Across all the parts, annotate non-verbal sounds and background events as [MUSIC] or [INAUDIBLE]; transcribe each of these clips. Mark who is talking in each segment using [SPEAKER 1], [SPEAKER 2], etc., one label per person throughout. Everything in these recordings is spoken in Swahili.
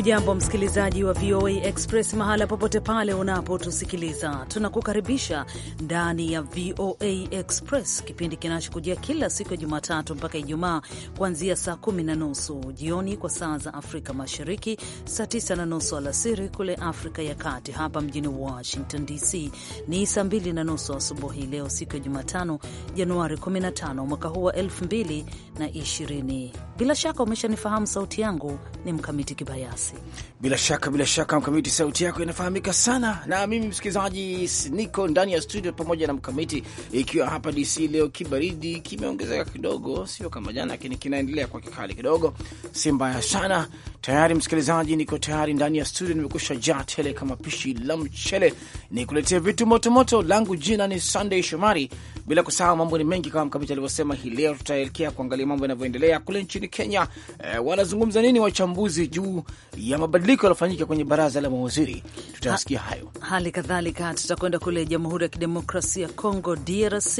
[SPEAKER 1] Hujambo msikilizaji wa VOA Express mahala popote pale unapotusikiliza, tunakukaribisha ndani ya VOA Express, kipindi kinachokujia kila siku ya Jumatatu mpaka Ijumaa kuanzia saa kumi na nusu jioni kwa saa za Afrika Mashariki, saa tisa na nusu alasiri kule Afrika ya Kati. Hapa mjini Washington DC ni saa mbili na nusu asubuhi, leo siku ya Jumatano, Januari 15 mwaka huu wa 2020. Bila shaka umeshanifahamu, sauti yangu ni Mkamiti Kibayasi. Gracias.
[SPEAKER 2] Bila shaka bila shaka, Mkamiti, sauti yako inafahamika sana. Na mimi msikilizaji, niko ndani ya studio pamoja na Mkamiti ikiwa hapa DC. Leo kibaridi kimeongezeka kidogo, sio kama jana, lakini kinaendelea kwa kikali kidogo, si mbaya sana. Tayari msikilizaji, niko tayari ndani ya studio, nimekusha jaa tele kama pishi la mchele, nikuletea vitu motomoto. Langu jina ni Sunday Shomari, bila kusahau mambo ni mengi kama Mkamiti alivyosema. Hii leo tutaelekea kuangalia mambo yanavyoendelea kule nchini Kenya. E, wanazungumza nini wachambuzi juu ya mabadiliko mabadiliko yaliyofanyika kwenye baraza la mawaziri, tutayasikia hayo.
[SPEAKER 1] Hali kadhalika tutakwenda kule Jamhuri ya Kidemokrasia ya Kongo, DRC,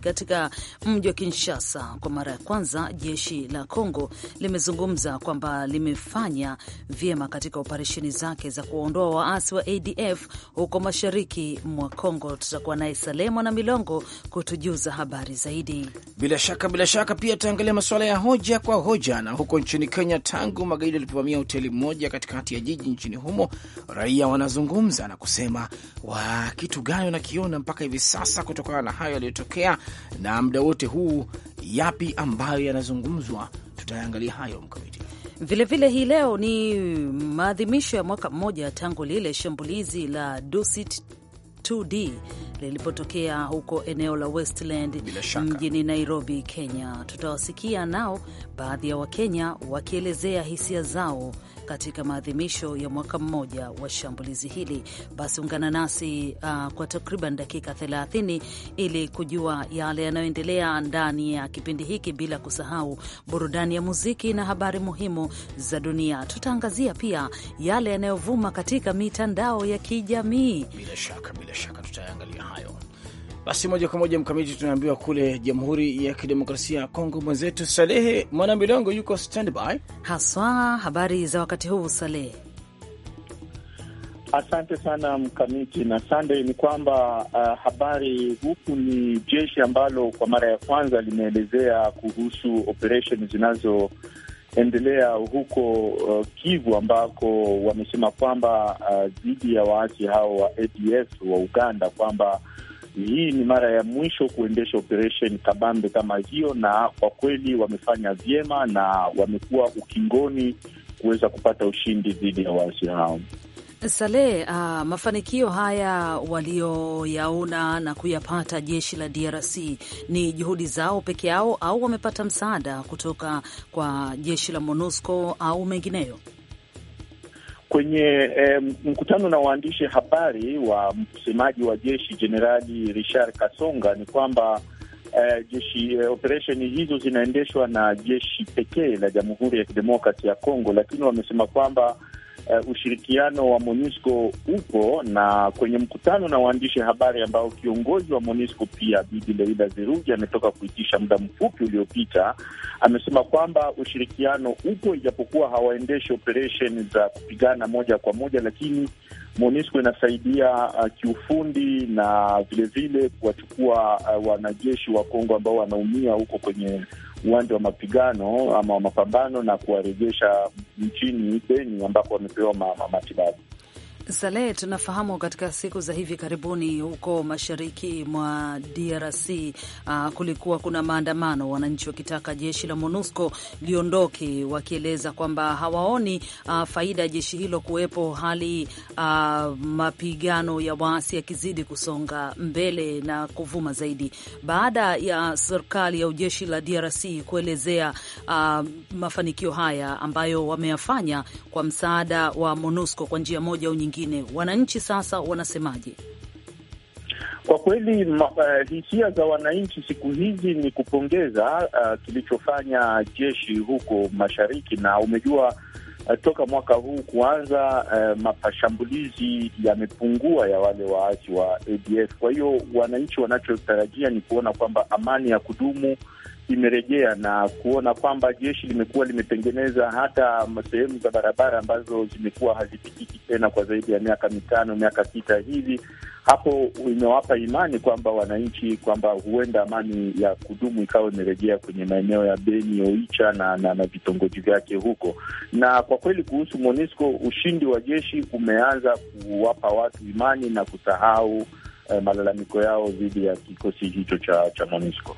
[SPEAKER 1] katika mji wa Kinshasa. Kwa mara ya kwanza jeshi la Kongo limezungumza kwamba limefanya vyema katika operesheni zake za kuwaondoa waasi wa ADF huko mashariki mwa Kongo. Tutakuwa naye Salemo na Milongo kutujuza habari zaidi.
[SPEAKER 2] Bila shaka, bila shaka pia tutaangalia masuala ya hoja kwa hoja, na huko nchini Kenya tangu magaidi yalipovamia hoteli moja katikati katikati ya jiji nchini humo, raia wanazungumza na kusema wa kitu gani wanakiona mpaka hivi sasa kutokana na hayo yaliyotokea, na muda wote huu yapi ambayo yanazungumzwa. Tutayangalia hayo mkamiti.
[SPEAKER 1] Vilevile hii leo ni maadhimisho ya mwaka mmoja tangu lile shambulizi la Dusit 2D lilipotokea huko eneo la Westland mjini Nairobi, Kenya. Tutawasikia nao baadhi ya Wakenya wakielezea hisia zao katika maadhimisho ya mwaka mmoja wa shambulizi hili. Basi ungana nasi uh, kwa takriban dakika 30 ili kujua yale yanayoendelea ndani ya kipindi hiki, bila kusahau burudani ya muziki na habari muhimu za dunia. Tutaangazia pia yale yanayovuma katika mitandao ya kijamii. Bila shaka, bila shaka tutaangalia
[SPEAKER 2] hayo. Basi moja kwa moja mkamiti, tunaambiwa kule Jamhuri ya Kidemokrasia ya Kongo mwenzetu Salehe
[SPEAKER 1] Mwanamilongo yuko standby haswa. Habari za wakati huu Salehe?
[SPEAKER 2] Asante
[SPEAKER 3] sana Mkamiti na Sande. Ni kwamba uh, habari huku ni jeshi ambalo kwa mara ya kwanza limeelezea kuhusu operesheni zinazoendelea huko uh, Kivu ambako wamesema kwamba uh, dhidi uh, ya waasi hao wa ADF wa Uganda kwamba hii ni mara ya mwisho kuendesha operesheni kabambe kama hiyo, na kwa kweli wamefanya vyema na wamekuwa ukingoni kuweza kupata ushindi dhidi ya waasi hao.
[SPEAKER 1] Saleh, uh, mafanikio haya walioyaona na kuyapata jeshi la DRC ni juhudi zao peke yao au wamepata msaada kutoka kwa jeshi la MONUSCO au mengineyo?
[SPEAKER 3] kwenye eh, mkutano na waandishi habari wa msemaji wa jeshi Jenerali Richard Kasonga ni kwamba eh, jeshi eh, operesheni hizo zinaendeshwa na jeshi pekee la Jamhuri ya Kidemokrasi ya Kongo, lakini wamesema kwamba uh, ushirikiano wa MONUSCO upo, na kwenye mkutano na waandishi habari ambao kiongozi wa MONUSCO pia Bibi Leila Zerugi ametoka kuitisha muda mfupi uliopita, amesema kwamba ushirikiano upo, ijapokuwa hawaendeshi operesheni za kupigana moja kwa moja, lakini MONUSCO inasaidia uh, kiufundi na vilevile kuwachukua uh, wanajeshi wa Kongo ambao wanaumia huko kwenye uwanja wa mapigano ama wa mapambano na kuwarejesha nchini Beni ambapo wamepewa matibabu
[SPEAKER 1] sale tunafahamu katika siku za hivi karibuni huko mashariki mwa DRC uh, ah, kulikuwa kuna maandamano, wananchi wakitaka jeshi la MONUSCO liondoke, wakieleza kwamba hawaoni uh, faida ya jeshi hilo kuwepo, hali uh, mapigano ya waasi yakizidi kusonga mbele na kuvuma zaidi, baada ya serikali au jeshi la DRC kuelezea uh, mafanikio haya ambayo wameyafanya kwa msaada wa MONUSCO kwa njia moja au nyingine mwingine. Wananchi sasa wanasemaje?
[SPEAKER 3] Kwa kweli eh, hisia za wananchi siku hizi ni kupongeza uh, kilichofanya jeshi huko mashariki, na umejua uh, toka mwaka huu kuanza uh, yamepungua ya wale waasi wa ADF. Kwa hiyo wananchi wanachotarajia ni kuona kwamba amani ya kudumu imerejea na kuona kwamba jeshi limekuwa limetengeneza hata sehemu za barabara ambazo zimekuwa hazipitiki tena kwa zaidi ya miaka mitano, miaka sita hivi. Hapo imewapa imani kwamba wananchi kwamba huenda amani ya kudumu ikawa imerejea kwenye maeneo ya Beni, Oicha na na, na vitongoji vyake huko. Na kwa kweli kuhusu MONUSCO, ushindi wa jeshi umeanza kuwapa watu imani na kusahau eh, malalamiko yao dhidi ya kikosi hicho cha, cha MONUSCO.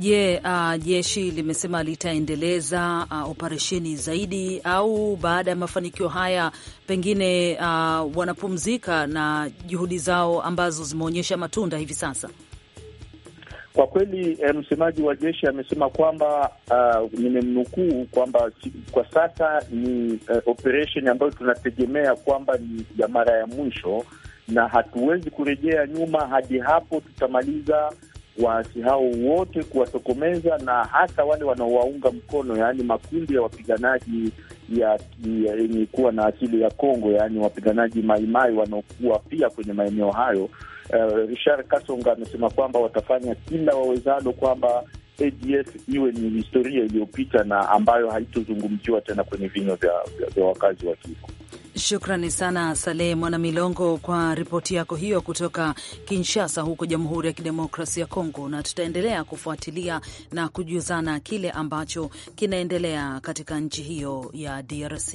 [SPEAKER 1] Je, yeah, uh, jeshi limesema litaendeleza uh, operesheni zaidi au baada ya mafanikio haya pengine uh, wanapumzika na juhudi zao ambazo zimeonyesha matunda hivi sasa?
[SPEAKER 3] Kwa kweli eh, msemaji wa jeshi amesema kwamba uh, nimemnukuu kwamba kwa sasa ni uh, eh, operesheni ambayo tunategemea kwamba ni ya mara ya mwisho na hatuwezi kurejea nyuma hadi hapo tutamaliza waasi hao wote, kuwatokomeza na hata wale wanaowaunga mkono, yaani makundi ya wapiganaji yenye kuwa na asili ya Kongo, yaani wapiganaji maimai wanaokuwa pia kwenye maeneo hayo. Uh, Richard Kasonga amesema kwamba watafanya kila wawezalo kwamba ADF iwe ni historia iliyopita na ambayo haitozungumziwa tena kwenye vinywa vya, vya, vya wakazi wa Kivu.
[SPEAKER 1] Shukrani sana Saleh Mwanamilongo kwa ripoti yako hiyo kutoka Kinshasa huko Jamhuri ya Kidemokrasia ya Kongo, na tutaendelea kufuatilia na kujuzana kile ambacho kinaendelea katika nchi hiyo ya DRC.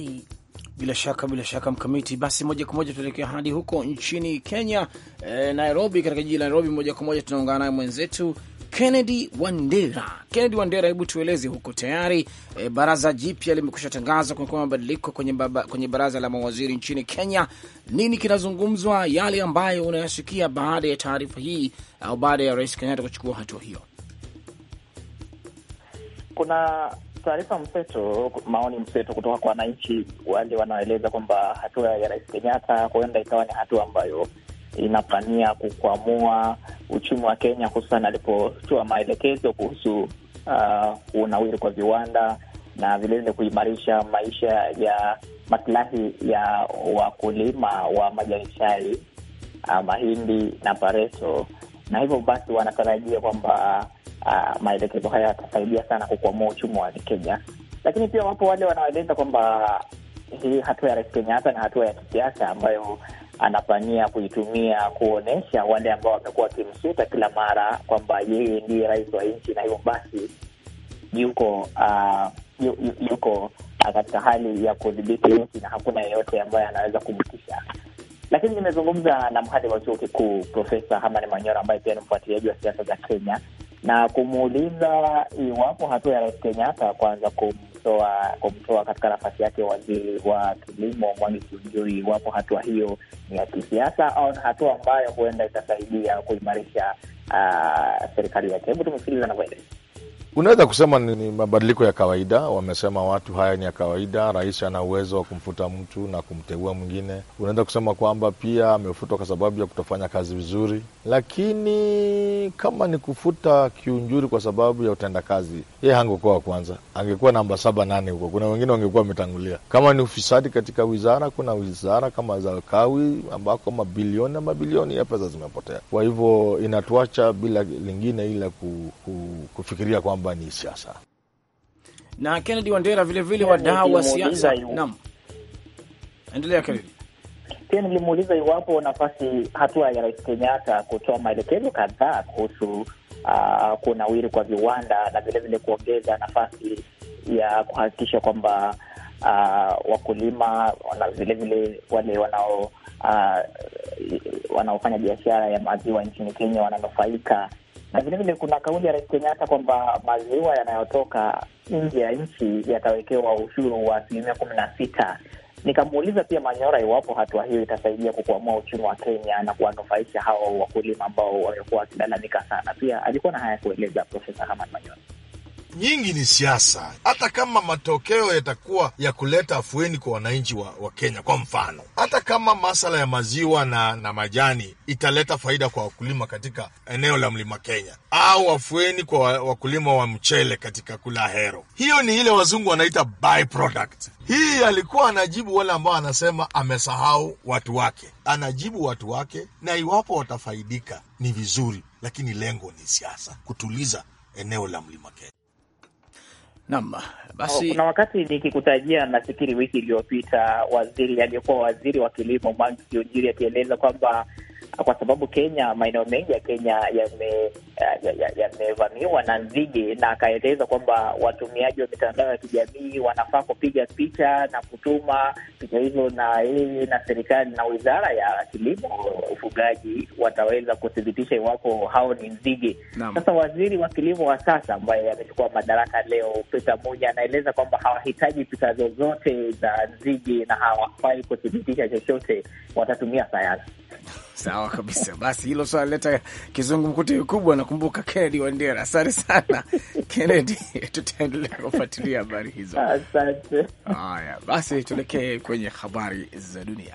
[SPEAKER 2] Bila shaka bila shaka, Mkamiti. Basi moja kwa moja tuelekea hadi huko nchini Kenya, e, Nairobi, katika jiji la Nairobi. Moja kwa moja tunaungana naye mwenzetu Kennedy Wandera. Kennedy Wandera, hebu tueleze huko tayari e, baraza jipya limekusha tangaza kumekuwa mabadiliko kwenye, kwenye baraza la mawaziri nchini Kenya. Nini kinazungumzwa, yale ambayo unayasikia baada ya taarifa hii au baada ya Rais Kenyatta kuchukua hatua hiyo?
[SPEAKER 4] Kuna taarifa mseto, maoni mseto kutoka kwa wananchi wale wanaeleza kwamba hatua ya Rais Kenyatta huenda ikawa ni hatua ambayo inapania kukwamua uchumi wa Kenya, hususan alipotoa maelekezo kuhusu uh, unawiri kwa viwanda na vilevile kuimarisha maisha ya masilahi ya wakulima wa majani chai, uh, mahindi na pareto, na hivyo basi wanatarajia kwamba uh, maelekezo haya yatasaidia sana kukwamua uchumi wa Kenya. Lakini pia wapo wale wanaoeleza kwamba hii hatua ya Rais Kenyatta na hatua ya kisiasa ambayo anafanyia kuitumia kuonyesha wale ambao wamekuwa wakimsuta kila mara kwamba yeye ndiye rais wa nchi, na hivyo basi yuko uh, yuko ah, katika hali ya kudhibiti nchi na hakuna yeyote ambaye anaweza kumtisha. Lakini nimezungumza na mhadhiri wa chuo kikuu Profesa Hamani Manyora ambaye pia ni mfuatiliaji wa siasa za Kenya na kumuuliza iwapo hatua ya Rais Kenyatta kuanza kum kumtoa kumtoa katika nafasi yake waziri wa kilimo Mwangi Kiunjuri, iwapo hatua hiyo ni ya kisiasa au ni hatua ambayo huenda itasaidia kuimarisha uh, serikali yake. Hebu tumesikiliza anavyoeleza.
[SPEAKER 5] Unaweza kusema ni mabadiliko ya kawaida. Wamesema watu haya ni ya kawaida, rais ana uwezo wa kumfuta mtu na kumteua mwingine. Unaweza kusema kwamba pia amefutwa kwa sababu ya kutofanya kazi vizuri, lakini kama ni kufuta kiunjuri kwa sababu ya utendakazi, ye hangekuwa wa kwanza, angekuwa namba saba nane huko. Kuna wengine wangekuwa wametangulia. Kama ni ufisadi katika wizara, kuna wizara kama za kawi ambako mabilioni na mabilioni ya pesa zimepotea. Kwa hivyo inatuacha bila lingine ku, kufikiria kwamba kwamba ni siasa.
[SPEAKER 2] Na Kennedy Wandera, vilevile wadau wa siasa. Naam, endelea Kennedy. Pia nilimuuliza iwapo
[SPEAKER 4] nafasi hatua ya Rais Kenyatta kutoa maelekezo kadhaa kuhusu uh, kunawiri kwa viwanda na vilevile kuongeza nafasi ya kuhakikisha kwamba uh, wakulima na vilevile wale wanao uh, wanaofanya biashara ya maziwa nchini Kenya wananufaika na vilevile kuna kauli ya Rais Kenyatta kwamba maziwa yanayotoka nje ya nchi yatawekewa ushuru wa asilimia kumi na sita. Nikamuuliza pia Manyora iwapo hatua hiyo itasaidia kukwamua uchumi wa Kenya na kuwanufaisha hawa wakulima ambao wamekuwa wakilalamika sana. Pia alikuwa na haya kueleza Profesa Hamad Manyora
[SPEAKER 5] nyingi ni siasa. Hata kama matokeo yatakuwa ya kuleta afueni kwa wananchi wa, wa Kenya, kwa mfano, hata kama masala ya maziwa na, na majani italeta faida kwa wakulima katika eneo la mlima Kenya, au afueni kwa wakulima wa mchele katika Kulahero, hiyo ni ile wazungu wanaita byproduct. Hii alikuwa anajibu wale ambao anasema amesahau watu wake, anajibu watu wake, na iwapo watafaidika ni vizuri, lakini lengo ni siasa, kutuliza eneo la mlima Kenya. Naam, basi oh, kuna
[SPEAKER 4] wakati nikikutajia, nafikiri wiki iliyopita, waziri aliyekuwa waziri wa kilimo Mwangi Kiunjiri akieleza kwamba kwa sababu Kenya, maeneo mengi ya Kenya yamevamiwa ya, ya, ya na nzige, na akaeleza kwamba watumiaji wa mitandao ya kijamii wanafaa kupiga picha na kutuma picha hizo, na yeye na serikali na wizara ya kilimo, ufugaji wataweza kuthibitisha iwapo hao ni nzige. Sasa waziri wa kilimo wa sasa ambaye amechukua madaraka leo, Peter Munya, anaeleza kwamba hawahitaji picha zozote za nzige na hawafai kuthibitisha chochote, watatumia sayansi.
[SPEAKER 2] [LAUGHS] Sawa kabisa. Basi hilo swala leta kizungumkuti kikubwa. Nakumbuka Kennedy Wandera, asante sana [LAUGHS] Kennedy, tutaendelea kufuatilia habari hizo.
[SPEAKER 4] Asante.
[SPEAKER 2] Haya, basi tuelekee kwenye habari za dunia.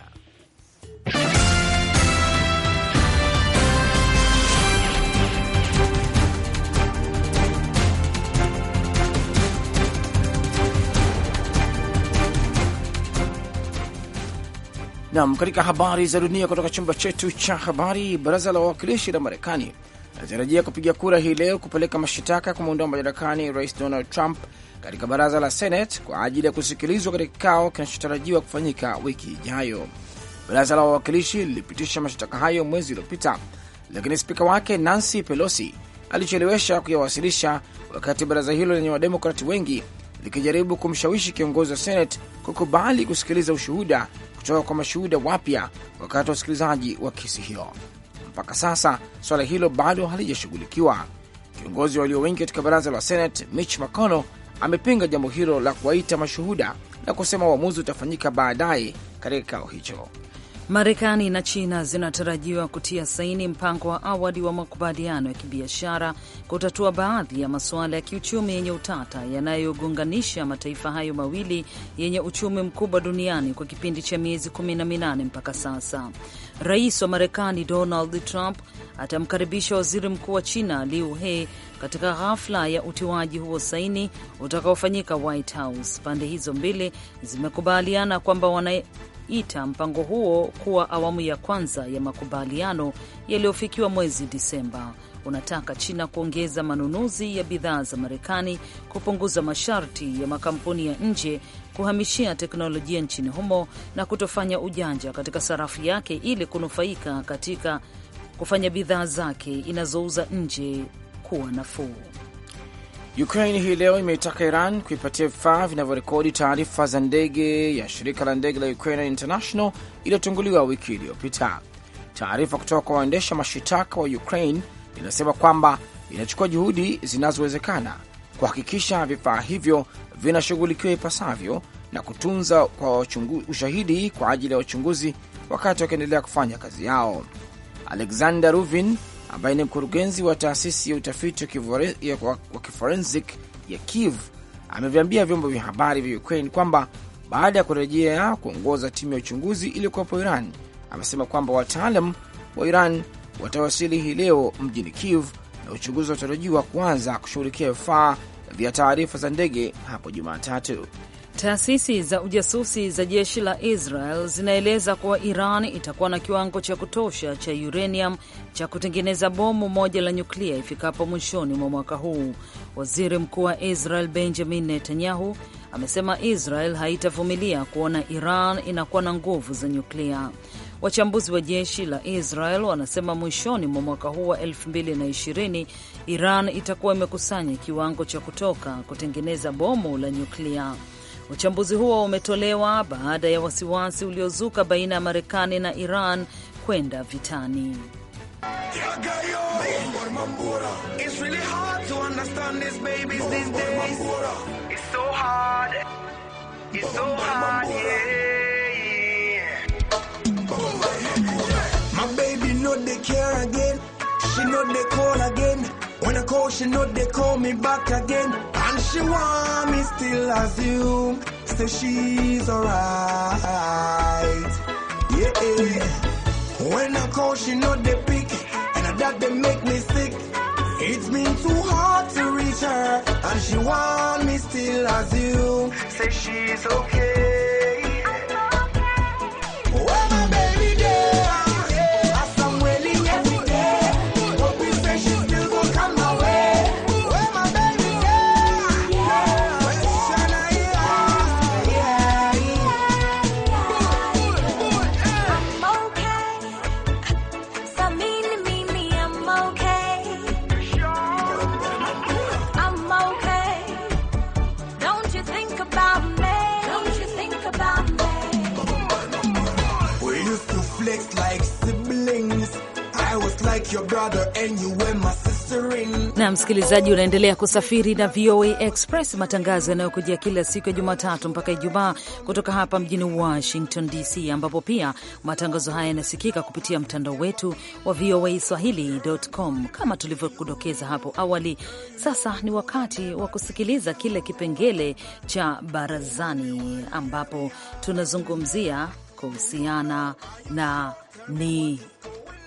[SPEAKER 2] Nam, katika habari za dunia kutoka chumba chetu cha habari, baraza la wawakilishi la Marekani linatarajia kupiga kura hii leo kupeleka mashitaka kumwondoa madarakani rais Donald Trump katika baraza la Senate kwa ajili ya kusikilizwa katika kikao kinachotarajiwa kufanyika wiki ijayo. Baraza la wawakilishi lilipitisha mashitaka hayo mwezi uliopita, lakini spika wake Nancy Pelosi alichelewesha kuyawasilisha wakati baraza hilo lenye wademokrati wengi likijaribu kumshawishi kiongozi wa Senate kukubali kusikiliza ushuhuda kutoka kwa mashuhuda wapya wakati wa usikilizaji wa kesi hiyo. Mpaka sasa suala hilo bado halijashughulikiwa. Kiongozi walio wengi katika baraza la Senate Mitch McConnell amepinga jambo hilo la kuwaita mashuhuda na kusema uamuzi utafanyika baadaye katika kikao hicho.
[SPEAKER 1] Marekani na China zinatarajiwa kutia saini mpango wa awali wa makubaliano ya kibiashara kutatua baadhi ya masuala ya kiuchumi yenye utata yanayogonganisha mataifa hayo mawili yenye uchumi mkubwa duniani kwa kipindi cha miezi 18 mpaka sasa. Rais wa Marekani Donald Trump atamkaribisha waziri mkuu wa China Liu He katika ghafla ya utiwaji huo saini utakaofanyika White House. Pande hizo mbili zimekubaliana kwamba wana kuita mpango huo kuwa awamu ya kwanza ya makubaliano yaliyofikiwa mwezi Disemba. Unataka China kuongeza manunuzi ya bidhaa za Marekani, kupunguza masharti ya makampuni ya nje kuhamishia teknolojia nchini humo na kutofanya ujanja katika sarafu yake ili kunufaika katika kufanya bidhaa zake inazouza nje kuwa nafuu.
[SPEAKER 2] Ukraine hii leo imeitaka Iran kuipatia vifaa vinavyorekodi taarifa za ndege ya shirika la ndege la Ukraine International iliyotunguliwa wiki iliyopita. Taarifa kutoka kwa waendesha mashitaka wa Ukraine inasema kwamba inachukua juhudi zinazowezekana kuhakikisha vifaa hivyo vinashughulikiwa ipasavyo na kutunza kwa ushahidi kwa ajili ya wachunguzi wakati wakiendelea kufanya kazi yao. Alexander Ruvin, ambaye ni mkurugenzi wa taasisi ya utafiti wa kiforensic ya Kiev ameviambia vyombo vya habari vya Ukraine kwamba baada ya kurejea kuongoza timu ya uchunguzi iliyokuwepo Iran, amesema kwamba wataalam wa Iran watawasili hii leo mjini Kiev na uchunguzi watarajiwa kuanza kushughulikia vifaa vya taarifa za ndege hapo Jumatatu.
[SPEAKER 1] Taasisi za ujasusi za jeshi la Israel zinaeleza kuwa Iran itakuwa na kiwango cha kutosha cha uranium cha kutengeneza bomu moja la nyuklia ifikapo mwishoni mwa mwaka huu. Waziri Mkuu wa Israel Benjamin Netanyahu amesema Israel haitavumilia kuona Iran inakuwa na nguvu za nyuklia. Wachambuzi wa jeshi la Israel wanasema mwishoni mwa mwaka huu wa 2020 Iran itakuwa imekusanya kiwango cha kutoka kutengeneza bomu la nyuklia. Uchambuzi huo umetolewa baada ya wasiwasi uliozuka baina ya Marekani na Iran kwenda vitani.
[SPEAKER 6] the call, she know they call me back again. And she want me still assume, say she's alright. Yeah, When I call, she know they pick, and that they make me sick. It's been too hard to reach her, and she want me still assume, say she's okay. na
[SPEAKER 1] msikilizaji, unaendelea kusafiri na VOA Express, matangazo yanayokujia kila siku ya Jumatatu mpaka Ijumaa kutoka hapa mjini Washington DC, ambapo pia matangazo haya yanasikika kupitia mtandao wetu wa VOA Swahili.com. Kama tulivyokudokeza hapo awali, sasa ni wakati wa kusikiliza kile kipengele cha Barazani, ambapo tunazungumzia kuhusiana na ni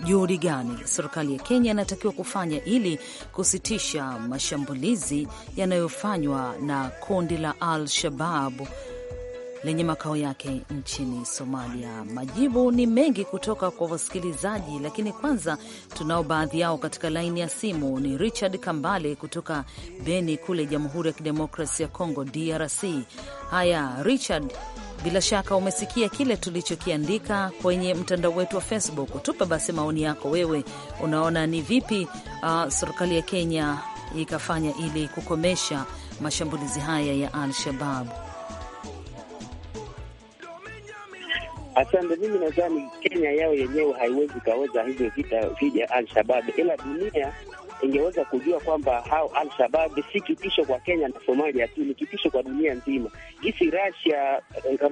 [SPEAKER 1] juhudi gani serikali ya Kenya inatakiwa kufanya ili kusitisha mashambulizi yanayofanywa na kundi la Al Shababu lenye makao yake nchini Somalia. Majibu ni mengi kutoka kwa wasikilizaji, lakini kwanza tunao baadhi yao katika laini ya simu. Ni Richard Kambale kutoka Beni kule Jamhuri ya Kidemokrasi ya Kongo, DRC. Haya Richard, bila shaka umesikia kile tulichokiandika kwenye mtandao wetu wa Facebook. Tupe basi maoni yako, wewe unaona ni vipi uh, serikali ya Kenya ikafanya ili kukomesha mashambulizi haya ya Al-Shabab?
[SPEAKER 3] Asante. Mimi nadhani Kenya yao yenyewe haiwezi kaweza hivyo vita vya Al-Shabab, ila dunia ingeweza kujua kwamba hao Al-Shabab si kitisho kwa Kenya na Somalia tu, ni kitisho kwa dunia nzima. Jinsi Russia,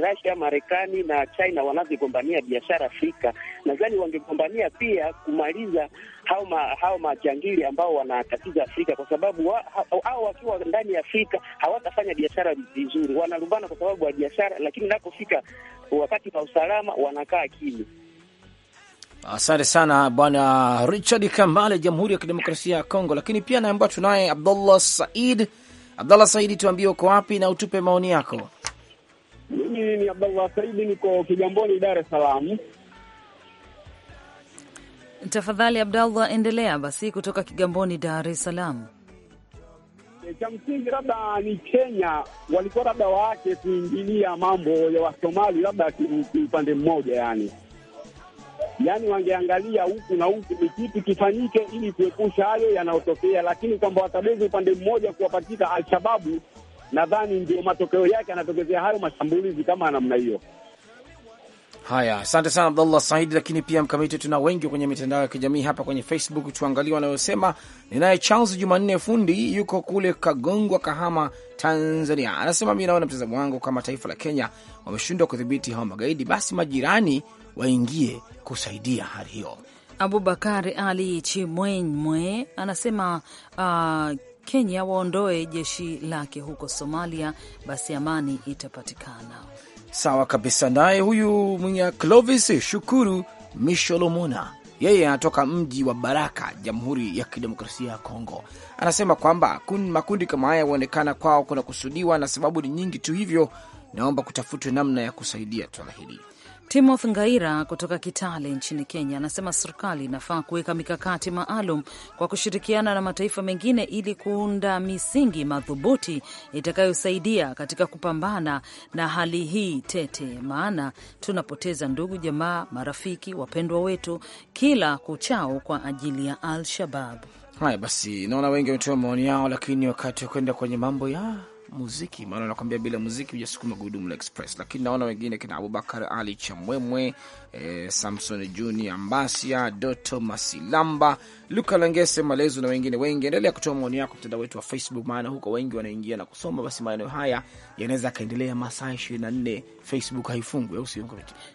[SPEAKER 3] Russia, Marekani na China wanavyogombania biashara Afrika, nadhani wangegombania pia kumaliza hao ma, hao majangili ambao wanatatiza Afrika, kwa sababu hao wa, ha, wakiwa ndani ya Afrika hawatafanya biashara vizuri. wanarumbana kwa sababu ya biashara, lakini inapofika wakati wa usalama wanakaa kimya.
[SPEAKER 2] Asante sana bwana Richard Kambale, Jamhuri ya Kidemokrasia ya Kongo. Lakini pia naambiwa tunaye Abdullah Said. Abdallah Saidi, tuambie uko wapi na utupe maoni yako.
[SPEAKER 3] Mimi ni Abdallah Saidi, niko Kigamboni, Dar es Salaam.
[SPEAKER 1] Tafadhali Abdallah, endelea basi kutoka Kigamboni, Dar es Salaam.
[SPEAKER 3] Eh, cha msingi labda ni Kenya walikuwa labda waache kuingilia mambo ya Wasomali labda kiupande mmoja yani yani wangeangalia huku na huku ni kitu kifanyike, ili kuepusha hayo yanayotokea, lakini kwamba watabezi upande mmoja kuwapatika Alshababu, nadhani ndio matokeo yake anatokezea hayo mashambulizi kama namna hiyo.
[SPEAKER 2] Haya, asante sana Abdullah Saidi. Lakini pia Mkamiti, tuna wengi kwenye mitandao ya kijamii hapa kwenye Facebook, tuangalie wanayosema. Ninaye Charles Jumanne Fundi, yuko kule Kagongwa, Kahama, Tanzania, anasema mi naona mtazamo wangu, kama taifa la Kenya wameshindwa kudhibiti hawa magaidi, basi majirani waingie kusaidia hali
[SPEAKER 1] hiyo. Abubakar Ali Chimwenywe anasema uh, Kenya waondoe jeshi lake huko Somalia, basi amani itapatikana.
[SPEAKER 2] Sawa kabisa. Naye huyu mwenye Clovis Shukuru Misholomona, yeye anatoka mji wa Baraka, Jamhuri ya Kidemokrasia ya Kongo, anasema kwamba makundi kama haya huonekana kwao kuna kusudiwa na sababu ni nyingi tu, hivyo naomba kutafutwe namna ya kusaidia swala hili
[SPEAKER 1] timoth Ngaira kutoka Kitale nchini Kenya anasema serikali inafaa kuweka mikakati maalum kwa kushirikiana na mataifa mengine ili kuunda misingi madhubuti itakayosaidia katika kupambana na hali hii tete, maana tunapoteza ndugu, jamaa, marafiki, wapendwa wetu kila kuchao kwa ajili ya Al-Shabab.
[SPEAKER 2] Haya basi, naona wengi wametoa maoni yao, lakini wakati wa kwenda kwenye mambo ya muziki, maana nakwambia bila muziki hujasukuma gurudumu la express. Lakini naona wengine kina Abubakar Ali Chamwemwe, eh, Samson Juni Ambasia, Doto Masilamba, Luka Langese Malezo na wengine wengi. Endelea kutoa maoni yako mtandao wetu wa Facebook, maana huko wengi wanaingia na kusoma. Basi maeneo haya yanaweza akaendelea masaa 24, Facebook haifungwi, au sio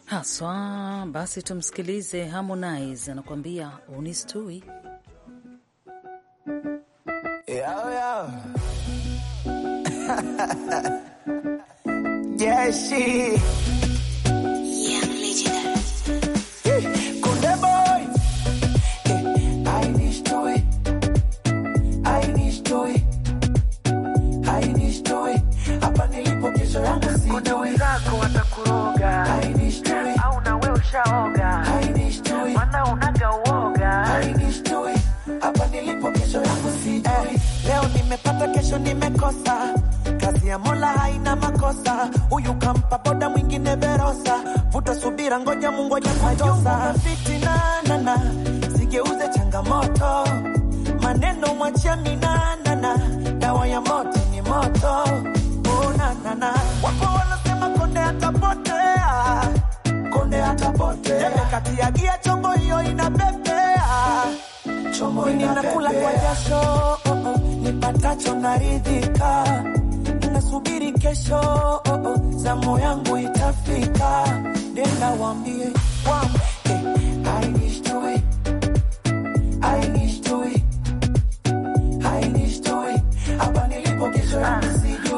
[SPEAKER 1] haswa? Basi tumsikilize Harmonize anakuambia unistui.
[SPEAKER 6] yeah, yeah. [LAUGHS] yeah, she. ninakula kwa jasho oh oh, nipatacho naridhika, ninasubiri kesho oh oh, zamu yangu itafika, nenda wambie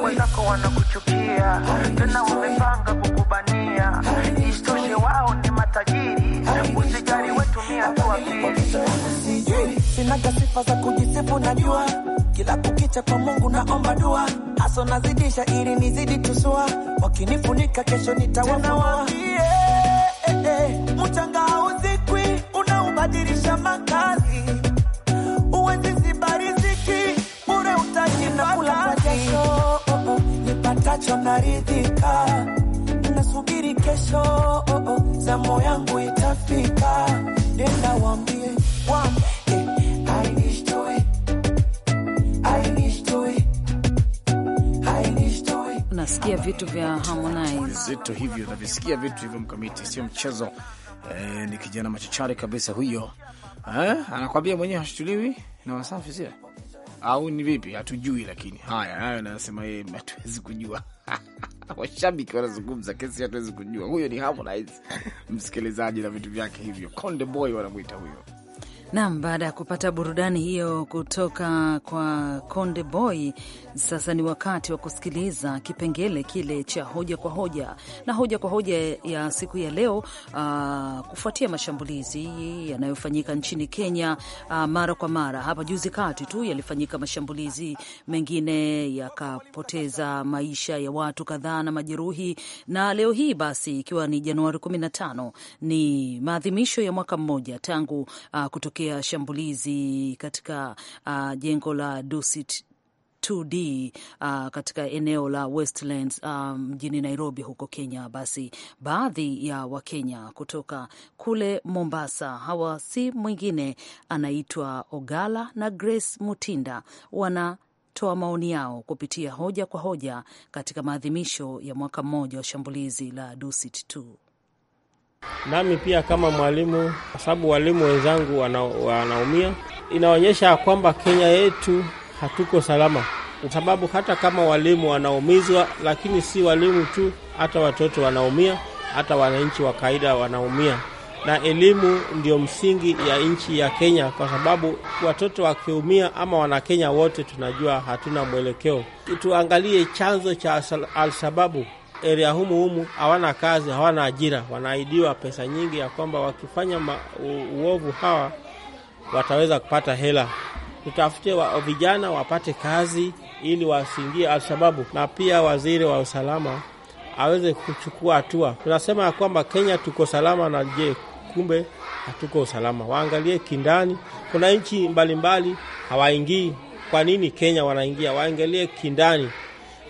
[SPEAKER 6] wenzako wanakuchukia, tena wamepanga kukubania Sinaga sifa za kujisifu, najua kila kukicha kwa Mungu naomba dua, aso nazidisha ili nizidi tusua, wakinifunika kesho nitawaambie eh, eh, eh, mchanga hauzikwi, unaubadilisha makazi, uwezi bure, utajinakula nipatacho oh, oh, naridhika, nasubiri kesho oh, oh, zamu yangu
[SPEAKER 1] navisikia vitu vya Harmonize
[SPEAKER 2] vizito hivyo, navisikia vitu hivyo mkamiti, sio mchezo eh. Ni kijana machachari kabisa huyo eh, anakwambia mwenyewe hashtuliwi na Wasafi sio au ni vipi? Hatujui, lakini haya hayo anasema yeye, hatuwezi kujua [LAUGHS] washabiki wanazungumza kesi, hatuwezi kujua. Huyo ni Harmonize msikilizaji, na vitu vyake hivyo, Konde Boy wanamwita huyo.
[SPEAKER 1] Naam, baada ya kupata burudani hiyo kutoka kwa Konde Boy, sasa ni wakati wa kusikiliza kipengele kile cha hoja kwa hoja, na hoja kwa hoja ya siku ya leo uh, kufuatia mashambulizi yanayofanyika nchini Kenya uh, mara kwa mara. Hapa juzi kati tu yalifanyika mashambulizi mengine yakapoteza maisha ya watu kadhaa na majeruhi, na leo hii basi, ikiwa ni Januari 15 ni maadhimisho ya mwaka mmoja tangu uh, kutokea shambulizi katika uh, jengo la Dusit 2D uh, katika eneo la Westlands mjini um, Nairobi huko Kenya. Basi baadhi ya Wakenya kutoka kule Mombasa, hawa si mwingine anaitwa Ogala na Grace Mutinda, wana toa maoni yao kupitia hoja kwa hoja katika maadhimisho ya mwaka mmoja wa shambulizi la Dusit 2. Nami pia kama mwalimu, kwa sababu
[SPEAKER 7] walimu wenzangu wanaumia, inaonyesha kwamba Kenya yetu hatuko salama, kwa sababu hata kama walimu wanaumizwa, lakini si walimu tu, hata watoto wanaumia, hata wananchi wa kawaida wanaumia na elimu ndiyo msingi ya nchi ya Kenya, kwa sababu watoto wakiumia ama Wanakenya wote tunajua hatuna mwelekeo. Tuangalie chanzo cha Alshababu eria humu humu, hawana kazi, hawana ajira, wanaahidiwa pesa nyingi ya kwamba wakifanya uovu hawa wataweza kupata hela tutafute wa vijana wapate kazi ili wasiingie Alshababu, na pia waziri wa usalama aweze kuchukua hatua. Tunasema ya kwamba Kenya tuko salama, na je, kumbe hatuko usalama? Waangalie kindani, kuna nchi mbalimbali hawaingii. Kwa nini Kenya wanaingia? Waangalie kindani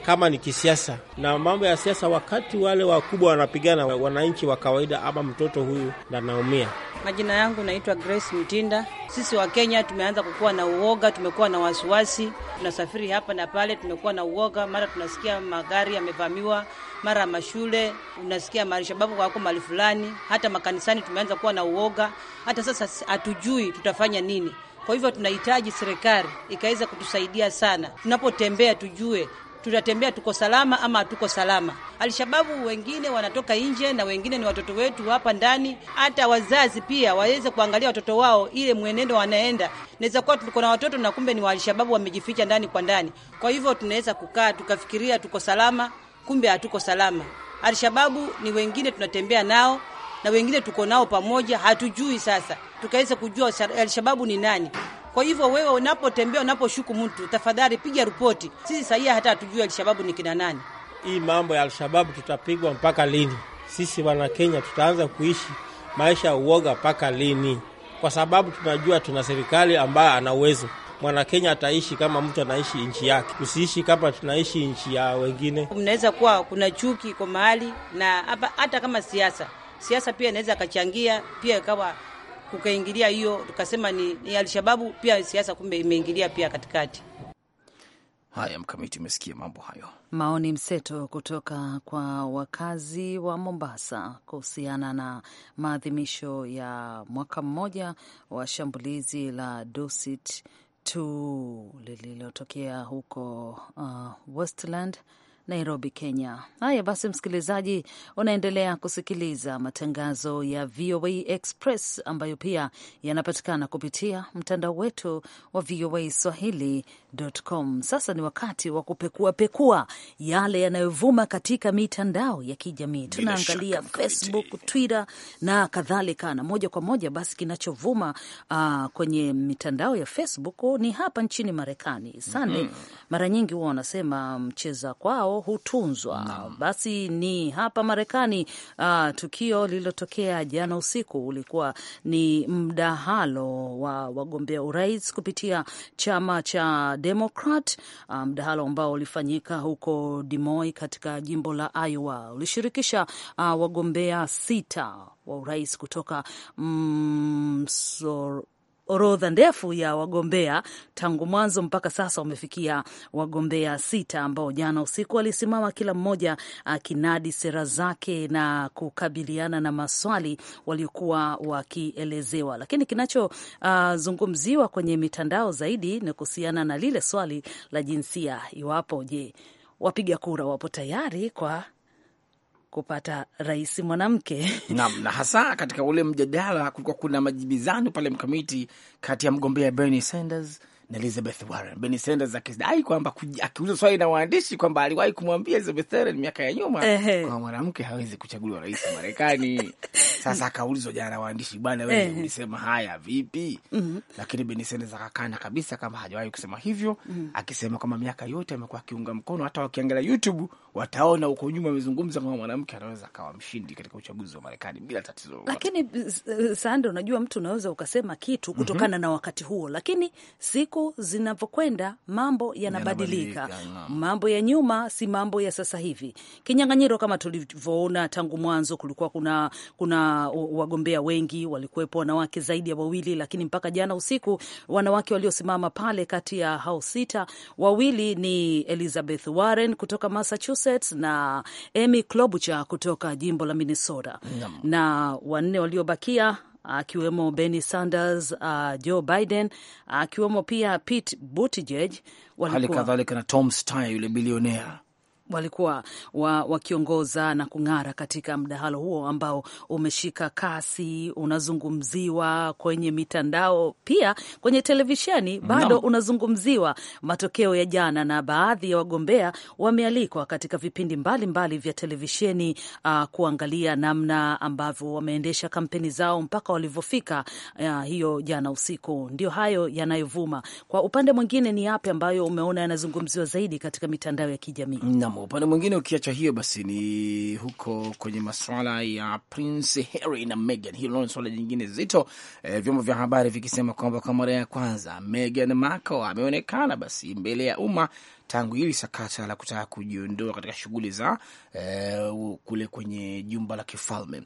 [SPEAKER 7] kama ni kisiasa na mambo ya siasa. Wakati wale wakubwa wanapigana, wananchi wa kawaida ama mtoto huyu anaumia.
[SPEAKER 8] Majina yangu naitwa Grace Mtinda. Sisi wa Kenya tumeanza kukuwa na uoga, tumekuwa na wasiwasi, tunasafiri hapa na pale, tumekuwa na uoga, mara tunasikia magari yamevamiwa, mara mashule unasikia marishababu wako mali fulani, hata makanisani tumeanza kuwa na uoga. Hata sasa hatujui tutafanya nini. Kwa hivyo tunahitaji serikali ikaweza kutusaidia sana, tunapotembea tujue tunatembea tuko salama ama hatuko salama. Alshababu wengine wanatoka nje na wengine ni watoto wetu hapa ndani. Hata wazazi pia waweze kuangalia watoto wao, ile mwenendo wanaenda. Naweza kuwa tuko na watoto na kumbe ni wa Alshababu wamejificha ndani kwa ndani. Kwa hivyo tunaweza kukaa tukafikiria tuko salama, kumbe hatuko salama. Alshababu ni wengine tunatembea nao na wengine tuko nao pamoja, hatujui. Sasa tukaweza kujua Alshababu ni nani. Kwa hivyo wewe unapotembea, unaposhuku mtu, tafadhali piga ripoti. Sisi sahii hata hatujui Alshababu ni kina nani. Hii mambo ya Alshababu tutapigwa
[SPEAKER 7] mpaka lini? Sisi wana Kenya tutaanza kuishi maisha ya uoga mpaka lini? Kwa sababu tunajua tuna serikali ambayo ana uwezo Mwanakenya ataishi kama mtu anaishi nchi yake, usiishi kama tunaishi nchi ya wengine. Mnaweza kuwa kuna chuki kwa mahali
[SPEAKER 8] na hata kama siasa, siasa pia inaweza akachangia pia, ikawa kukaingilia hiyo, tukasema ni, ni Alshababu pia siasa, kumbe imeingilia pia katikati.
[SPEAKER 2] Haya, Mkamiti, umesikia mambo hayo,
[SPEAKER 1] maoni mseto kutoka kwa wakazi wa Mombasa kuhusiana na maadhimisho ya mwaka mmoja wa shambulizi la Dusit 2 lililotokea huko uh, Westland Nairobi, Kenya. Haya basi, msikilizaji, unaendelea kusikiliza matangazo ya VOA Express ambayo pia yanapatikana kupitia mtandao wetu wa VOA Swahili.com. Sasa ni wakati wa kupekuapekua yale yanayovuma katika mitandao ya kijamii. Tunaangalia Facebook, Twitter na kadhalika, na moja kwa moja basi kinachovuma uh, kwenye mitandao ya Facebook ni hapa nchini Marekani. Sande, mm-hmm. mara nyingi huwa wanasema mcheza kwao hutunzwa no. Basi ni hapa Marekani. Uh, tukio lililotokea jana usiku ulikuwa ni mdahalo wa wagombea urais kupitia chama cha demokrat uh, ah, mdahalo ambao ulifanyika huko Des Moines katika jimbo la Iowa, ulishirikisha uh, wagombea sita wa urais kutoka mm, so, orodha ndefu ya wagombea tangu mwanzo mpaka sasa. Wamefikia wagombea sita ambao jana usiku walisimama kila mmoja akinadi sera zake na kukabiliana na maswali waliokuwa wakielezewa. Lakini kinachozungumziwa uh, kwenye mitandao zaidi ni kuhusiana na lile swali la jinsia, iwapo je, wapiga kura wapo tayari kwa kupata rais mwanamke [LAUGHS]
[SPEAKER 2] nam na hasa katika ule mjadala, kulikuwa kuna majibizano pale mkamiti kati ya mgombea Bernie Sanders na Elizabeth Warren. Bernie Sanders akidai kwamba akiuza swali na waandishi kwamba aliwahi kumwambia Elizabeth Warren miaka ya nyuma kwamba mwanamke hawezi kuchaguliwa rais wa Marekani. [LAUGHS] Sasa akaulizwa jana na waandishi, bwana wewe ulisema haya vipi? Mhm. Lakini Bernie Sanders akakana kabisa kama hajawahi kusema hivyo, mhm. akisema kwamba miaka yote amekuwa akiunga mkono, hata wakiangalia YouTube wataona huko nyuma amezungumza kama mwanamke anaweza akawa mshindi katika uchaguzi wa Marekani bila tatizo.
[SPEAKER 1] Lakini Sande, unajua mtu unaweza ukasema kitu mhm. kutokana mm -hmm. na wakati huo, lakini siku zinavyokwenda mambo yanabadilika, ya Mambo ya nyuma si mambo ya sasa hivi. Kinyang'anyiro kama tulivyoona tangu mwanzo, kulikuwa kuna kuna wagombea wengi, walikuwepo wanawake zaidi ya wawili, lakini mpaka jana usiku wanawake waliosimama pale kati ya hao sita, wawili ni Elizabeth Warren kutoka Massachusetts Massachusetts na Amy Klobuchar kutoka jimbo la Minnesota no. na wanne waliobakia akiwemo Bernie Sanders, uh, Joe Biden akiwemo pia Pete Buttigieg, hali kadhalika
[SPEAKER 2] na Tom Steyer yule bilionea
[SPEAKER 1] walikuwa wa, wakiongoza na kung'ara katika mdahalo huo ambao umeshika kasi, unazungumziwa kwenye mitandao, pia kwenye televisheni bado no. unazungumziwa matokeo ya jana, na baadhi ya wagombea wamealikwa katika vipindi mbalimbali mbali vya televisheni uh, kuangalia namna ambavyo wameendesha kampeni zao mpaka walivyofika uh, hiyo jana usiku. Ndio hayo yanayovuma. Kwa upande mwingine, ni yapi ambayo umeona yanazungumziwa zaidi katika mitandao ya kijamii? no
[SPEAKER 2] upande mwingine ukiacha hiyo basi ni huko kwenye maswala ya Prince Harry na Meghan. Hilo ni swala jingine zito, e, vyombo vya habari vikisema kwamba kwa mara ya kwanza Meghan Markle ameonekana basi mbele ya umma tangu hili sakata la kutaka kujiondoa katika shughuli za e, kule kwenye jumba la kifalme.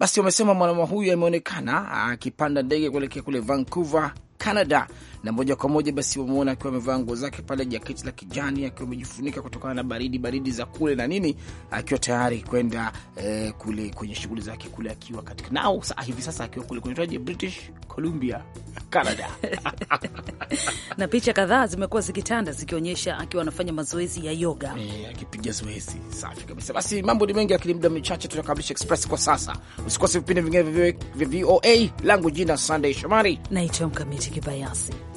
[SPEAKER 2] Basi wamesema mwanamama huyu ameonekana akipanda ndege kuelekea kule Vancouver, Canada na moja kwa moja basi wameona akiwa amevaa nguo zake pale, jaketi la kijani, akiwa amejifunika kutokana na baridi baridi za kule na nini, akiwa tayari kwenda eh, kule kwenye shughuli zake kule, akiwa katika nao saa hivi sasa akiwa kule kwenye British Columbia, Canada
[SPEAKER 1] [LAUGHS] na picha kadhaa zimekuwa zikitanda zikionyesha akiwa anafanya mazoezi ya yoga eh, akipiga
[SPEAKER 2] zoezi safi kabisa. Basi
[SPEAKER 1] mambo ni mengi, lakini muda
[SPEAKER 2] michache tunakamilisha Express kwa sasa. Usikose vipindi vingine vya VOA langu jina Sunday
[SPEAKER 1] Shomari, naitwa Mkamiti Kibayasi.